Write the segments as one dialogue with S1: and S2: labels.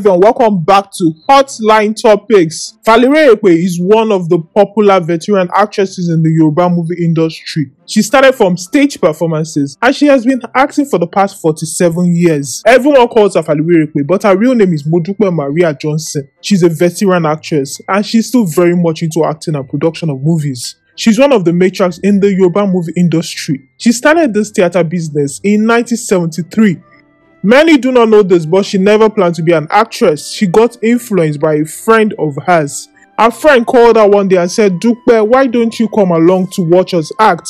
S1: everyone, welcome back to Hotline Topics. Valerie Ekwe is one of the popular veteran actresses in the Yoruba movie industry. She started from stage performances and she has been acting for the past 47 years. Everyone calls her Faluwerekwe, but her real name is Modupe Maria Johnson. She's a veteran actress and she's still very much into acting and production of movies. She's one of the matriarchs in the Yoruba movie industry. She started this theater business in 1973 Many do not know this, but she never planned to be an actress. She got influenced by a friend of hers. A friend called her one day and said, Dupe, why don't you come along to watch us act?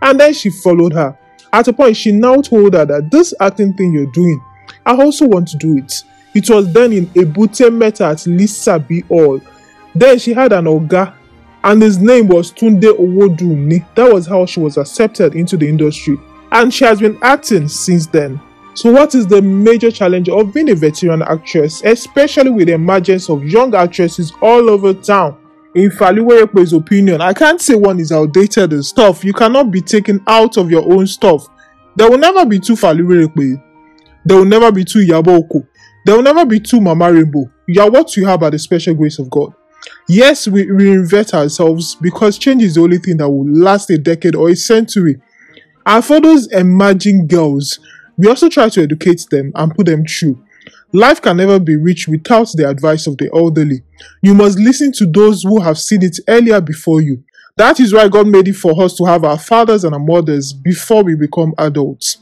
S1: And then she followed her. At a point, she now told her that this acting thing you're doing, I also want to do it. It was done in Ebute met at Lisa B. All. Then she had an oga, and his name was Tunde Owodunni. That was how she was accepted into the industry. And she has been acting since then. So what is the major challenge of being a veteran actress, especially with the emergence of young actresses all over town? In Faliweyekwe's opinion, I can't say one is outdated and stuff. You cannot be taken out of your own stuff. There will never be too Faliweyekwe. There will never be too Yaboko. There will never be too Mama Rainbow. You are what you have by the special grace of God. Yes, we reinvent ourselves because change is the only thing that will last a decade or a century. And for those emerging girls, we also try to educate them and put them through. Life can never be rich without the advice of the elderly. You must listen to those who have seen it earlier before you. That is why God made it for us to have our fathers and our mothers before we become adults.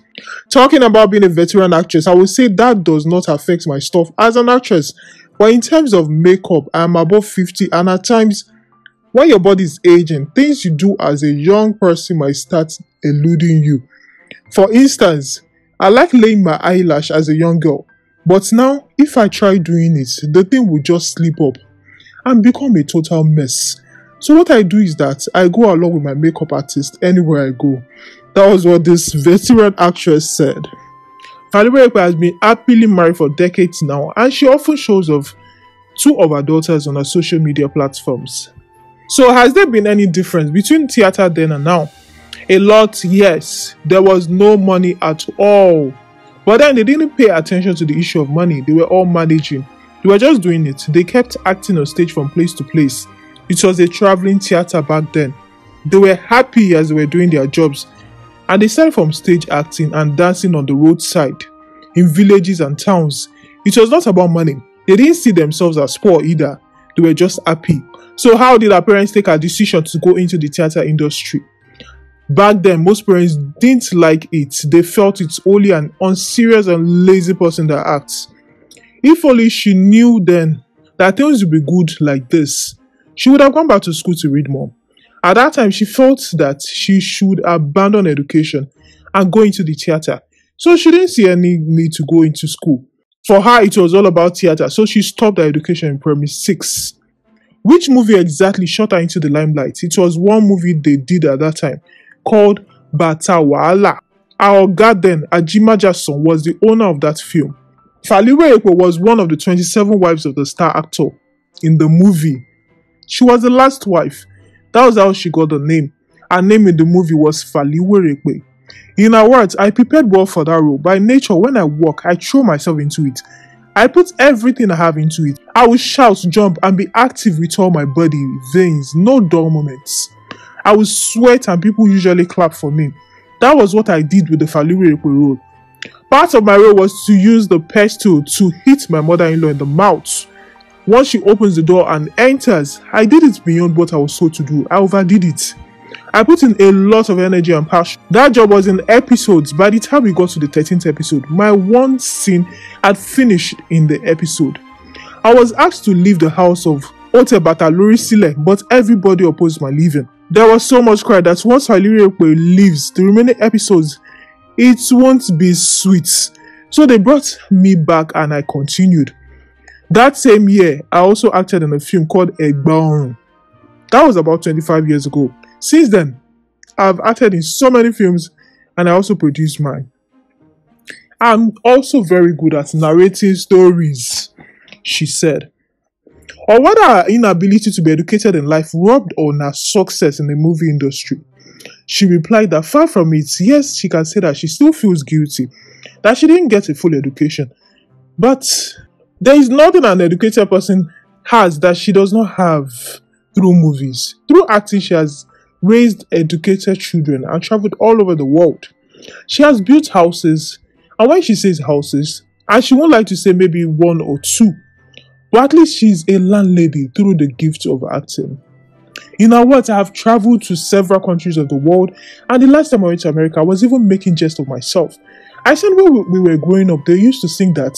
S1: Talking about being a veteran actress, I would say that does not affect my stuff as an actress. But in terms of makeup, I am above 50 and at times when your body is aging, things you do as a young person might start eluding you. For instance, I like laying my eyelash as a young girl, but now if I try doing it, the thing will just slip up and become a total mess. So what I do is that I go along with my makeup artist anywhere I go. That was what this veteran actress said. Valerie has been happily married for decades now and she often shows off two of her daughters on her social media platforms. So has there been any difference between theater then and now? A lot, yes. There was no money at all. But then they didn't pay attention to the issue of money. They were all managing. They were just doing it. They kept acting on stage from place to place. It was a traveling theater back then. They were happy as they were doing their jobs. And they started from stage acting and dancing on the roadside, in villages and towns. It was not about money. They didn't see themselves as poor either. They were just happy. So how did our parents take a decision to go into the theater industry? Back then, most parents didn't like it. They felt it's only an unserious and lazy person that acts. If only she knew then that things would be good like this, she would have gone back to school to read more. At that time, she felt that she should abandon education and go into the theater. So she didn't see any need to go into school. For her, it was all about theater, so she stopped her education in primary 6. Which movie exactly shot her into the limelight? It was one movie they did at that time called Batawala. Our garden, Ajima Son, was the owner of that film. Faliwe Ekwe was one of the 27 wives of the star actor in the movie. She was the last wife. That was how she got the name. Her name in the movie was Faliwe Ekwe. In her words, I prepared well for that role. By nature, when I walk, I throw myself into it. I put everything I have into it. I will shout, jump, and be active with all my body, veins, no dull moments. I would sweat and people usually clap for me. That was what I did with the Falurirepe roll. Part of my role was to use the pest to hit my mother-in-law in the mouth. Once she opens the door and enters, I did it beyond what I was told to do. I overdid it. I put in a lot of energy and passion. That job was in episodes. By the time we got to the 13th episode, my one scene had finished in the episode. I was asked to leave the house of Ote Bataluri but everybody opposed my leaving. There was so much cry that once Haliriope leaves, the remaining episodes, it won't be sweet. So they brought me back and I continued. That same year, I also acted in a film called Egbaorun. That was about 25 years ago. Since then, I've acted in so many films and I also produced mine. I'm also very good at narrating stories, she said. Or whether her inability to be educated in life robbed on her success in the movie industry. She replied that far from it, yes, she can say that she still feels guilty, that she didn't get a full education. But there is nothing an educated person has that she does not have through movies. Through acting, she has raised educated children and traveled all over the world. She has built houses, and when she says houses, and she won't like to say maybe one or two, but at least she's a landlady through the gift of acting. In our words, I have traveled to several countries of the world, and the last time I went to America, I was even making jest of myself. I said when we, were growing up, they used to sing that.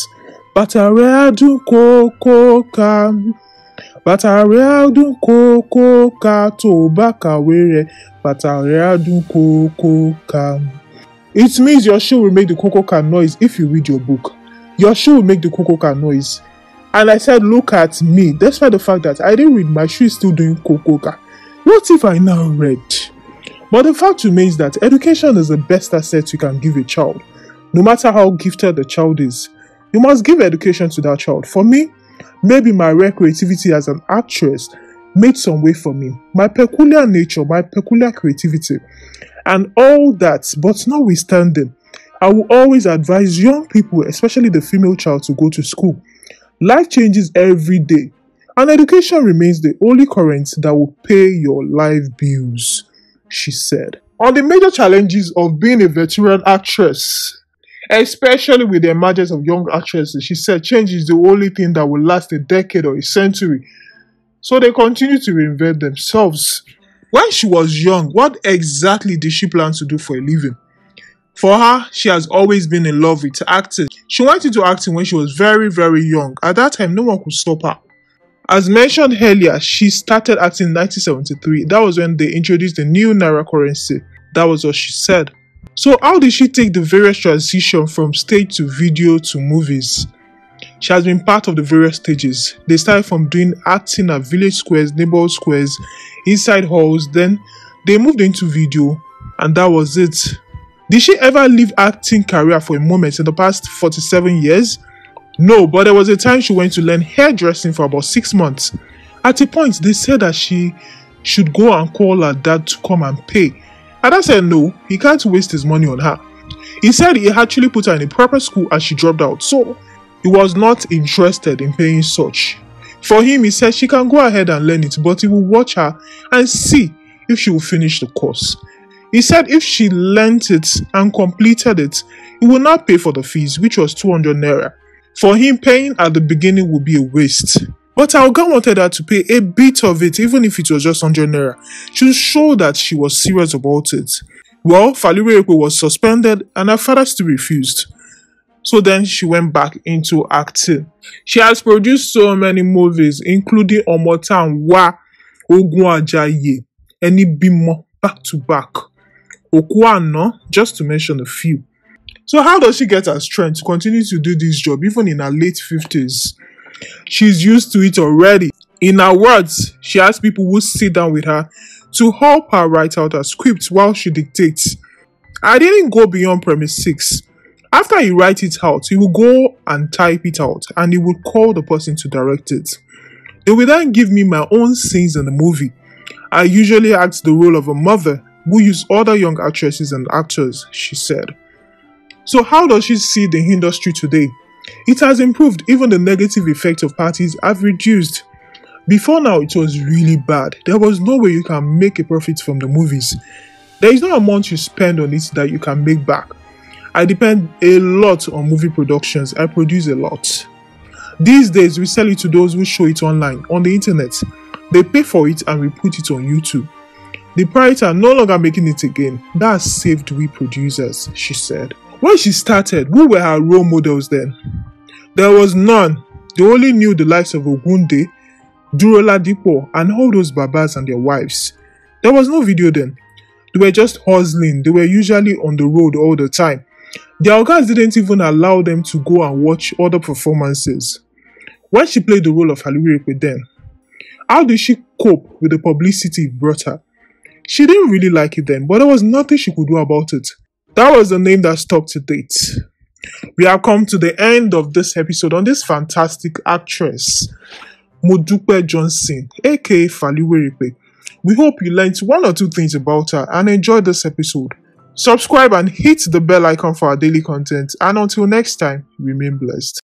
S1: It means your shoe will make the cocoa can noise if you read your book. Your shoe will make the cocoa can noise. And I said, Look at me, despite the fact that I didn't read, my shoe is still doing cocoa. What if I now read? But the fact remains that education is the best asset you can give a child. No matter how gifted the child is, you must give education to that child. For me, maybe my rare creativity as an actress made some way for me. My peculiar nature, my peculiar creativity, and all that, but notwithstanding, I will always advise young people, especially the female child, to go to school. Life changes every day, and education remains the only currency that will pay your life bills, she said. On the major challenges of being a veteran actress, especially with the emergence of young actresses, she said change is the only thing that will last a decade or a century. So they continue to reinvent themselves. When she was young, what exactly did she plan to do for a living? For her, she has always been in love with acting. She went into acting when she was very, very young. At that time, no one could stop her. As mentioned earlier, she started acting in 1973. That was when they introduced the new Naira currency. That was what she said. So how did she take the various transition from stage to video to movies? She has been part of the various stages. They started from doing acting at village squares, neighborhood squares, inside halls, then they moved into video, and that was it. Did she ever leave acting career for a moment in the past 47 years? No, but there was a time she went to learn hairdressing for about 6 months. At a point, they said that she should go and call her dad to come and pay. Ada said no, he can't waste his money on her. He said he actually put her in a proper school and she dropped out, so he was not interested in paying such. For him, he said she can go ahead and learn it, but he will watch her and see if she will finish the course. He said if she lent it and completed it, he would not pay for the fees, which was 200 naira. For him, paying at the beginning would be a waste. But Alga wanted her to pay a bit of it, even if it was just 100 naira, to show that she was serious about it. Well, Falureko was suspended and her father still refused. So then she went back into acting. She has produced so many movies, including Omotan Wa, Ogun Ajaye, Eni Bimo, back to back. Okuano, just to mention a few. So, how does she get her strength to continue to do this job even in her late 50s? She's used to it already. In her words, she asks people who sit down with her to help her write out her script while she dictates. I didn't go beyond premise 6. After he writes it out, he will go and type it out and he will call the person to direct it. They will then give me my own scenes in the movie. I usually act the role of a mother we use other young actresses and actors, she said. So, how does she see the industry today? It has improved, even the negative effects of parties have reduced. Before now, it was really bad. There was no way you can make a profit from the movies. There is no amount you spend on it that you can make back. I depend a lot on movie productions, I produce a lot. These days, we sell it to those who show it online, on the internet. They pay for it and we put it on YouTube. The pirates are no longer making it again. That saved we producers, she said. When she started, who were her role models then? There was none. They only knew the likes of Ogunde, Durola Dipo, and all those babas and their wives. There was no video then. They were just hustling. They were usually on the road all the time. The guys didn't even allow them to go and watch other performances. When she played the role of with them, how did she cope with the publicity it brought her? She didn't really like it then, but there was nothing she could do about it. That was the name that stopped the date. We have come to the end of this episode on this fantastic actress, Modupe Johnson, aka Faliweripe. We hope you learned one or two things about her and enjoyed this episode. Subscribe and hit the bell icon for our daily content. And until next time, remain blessed.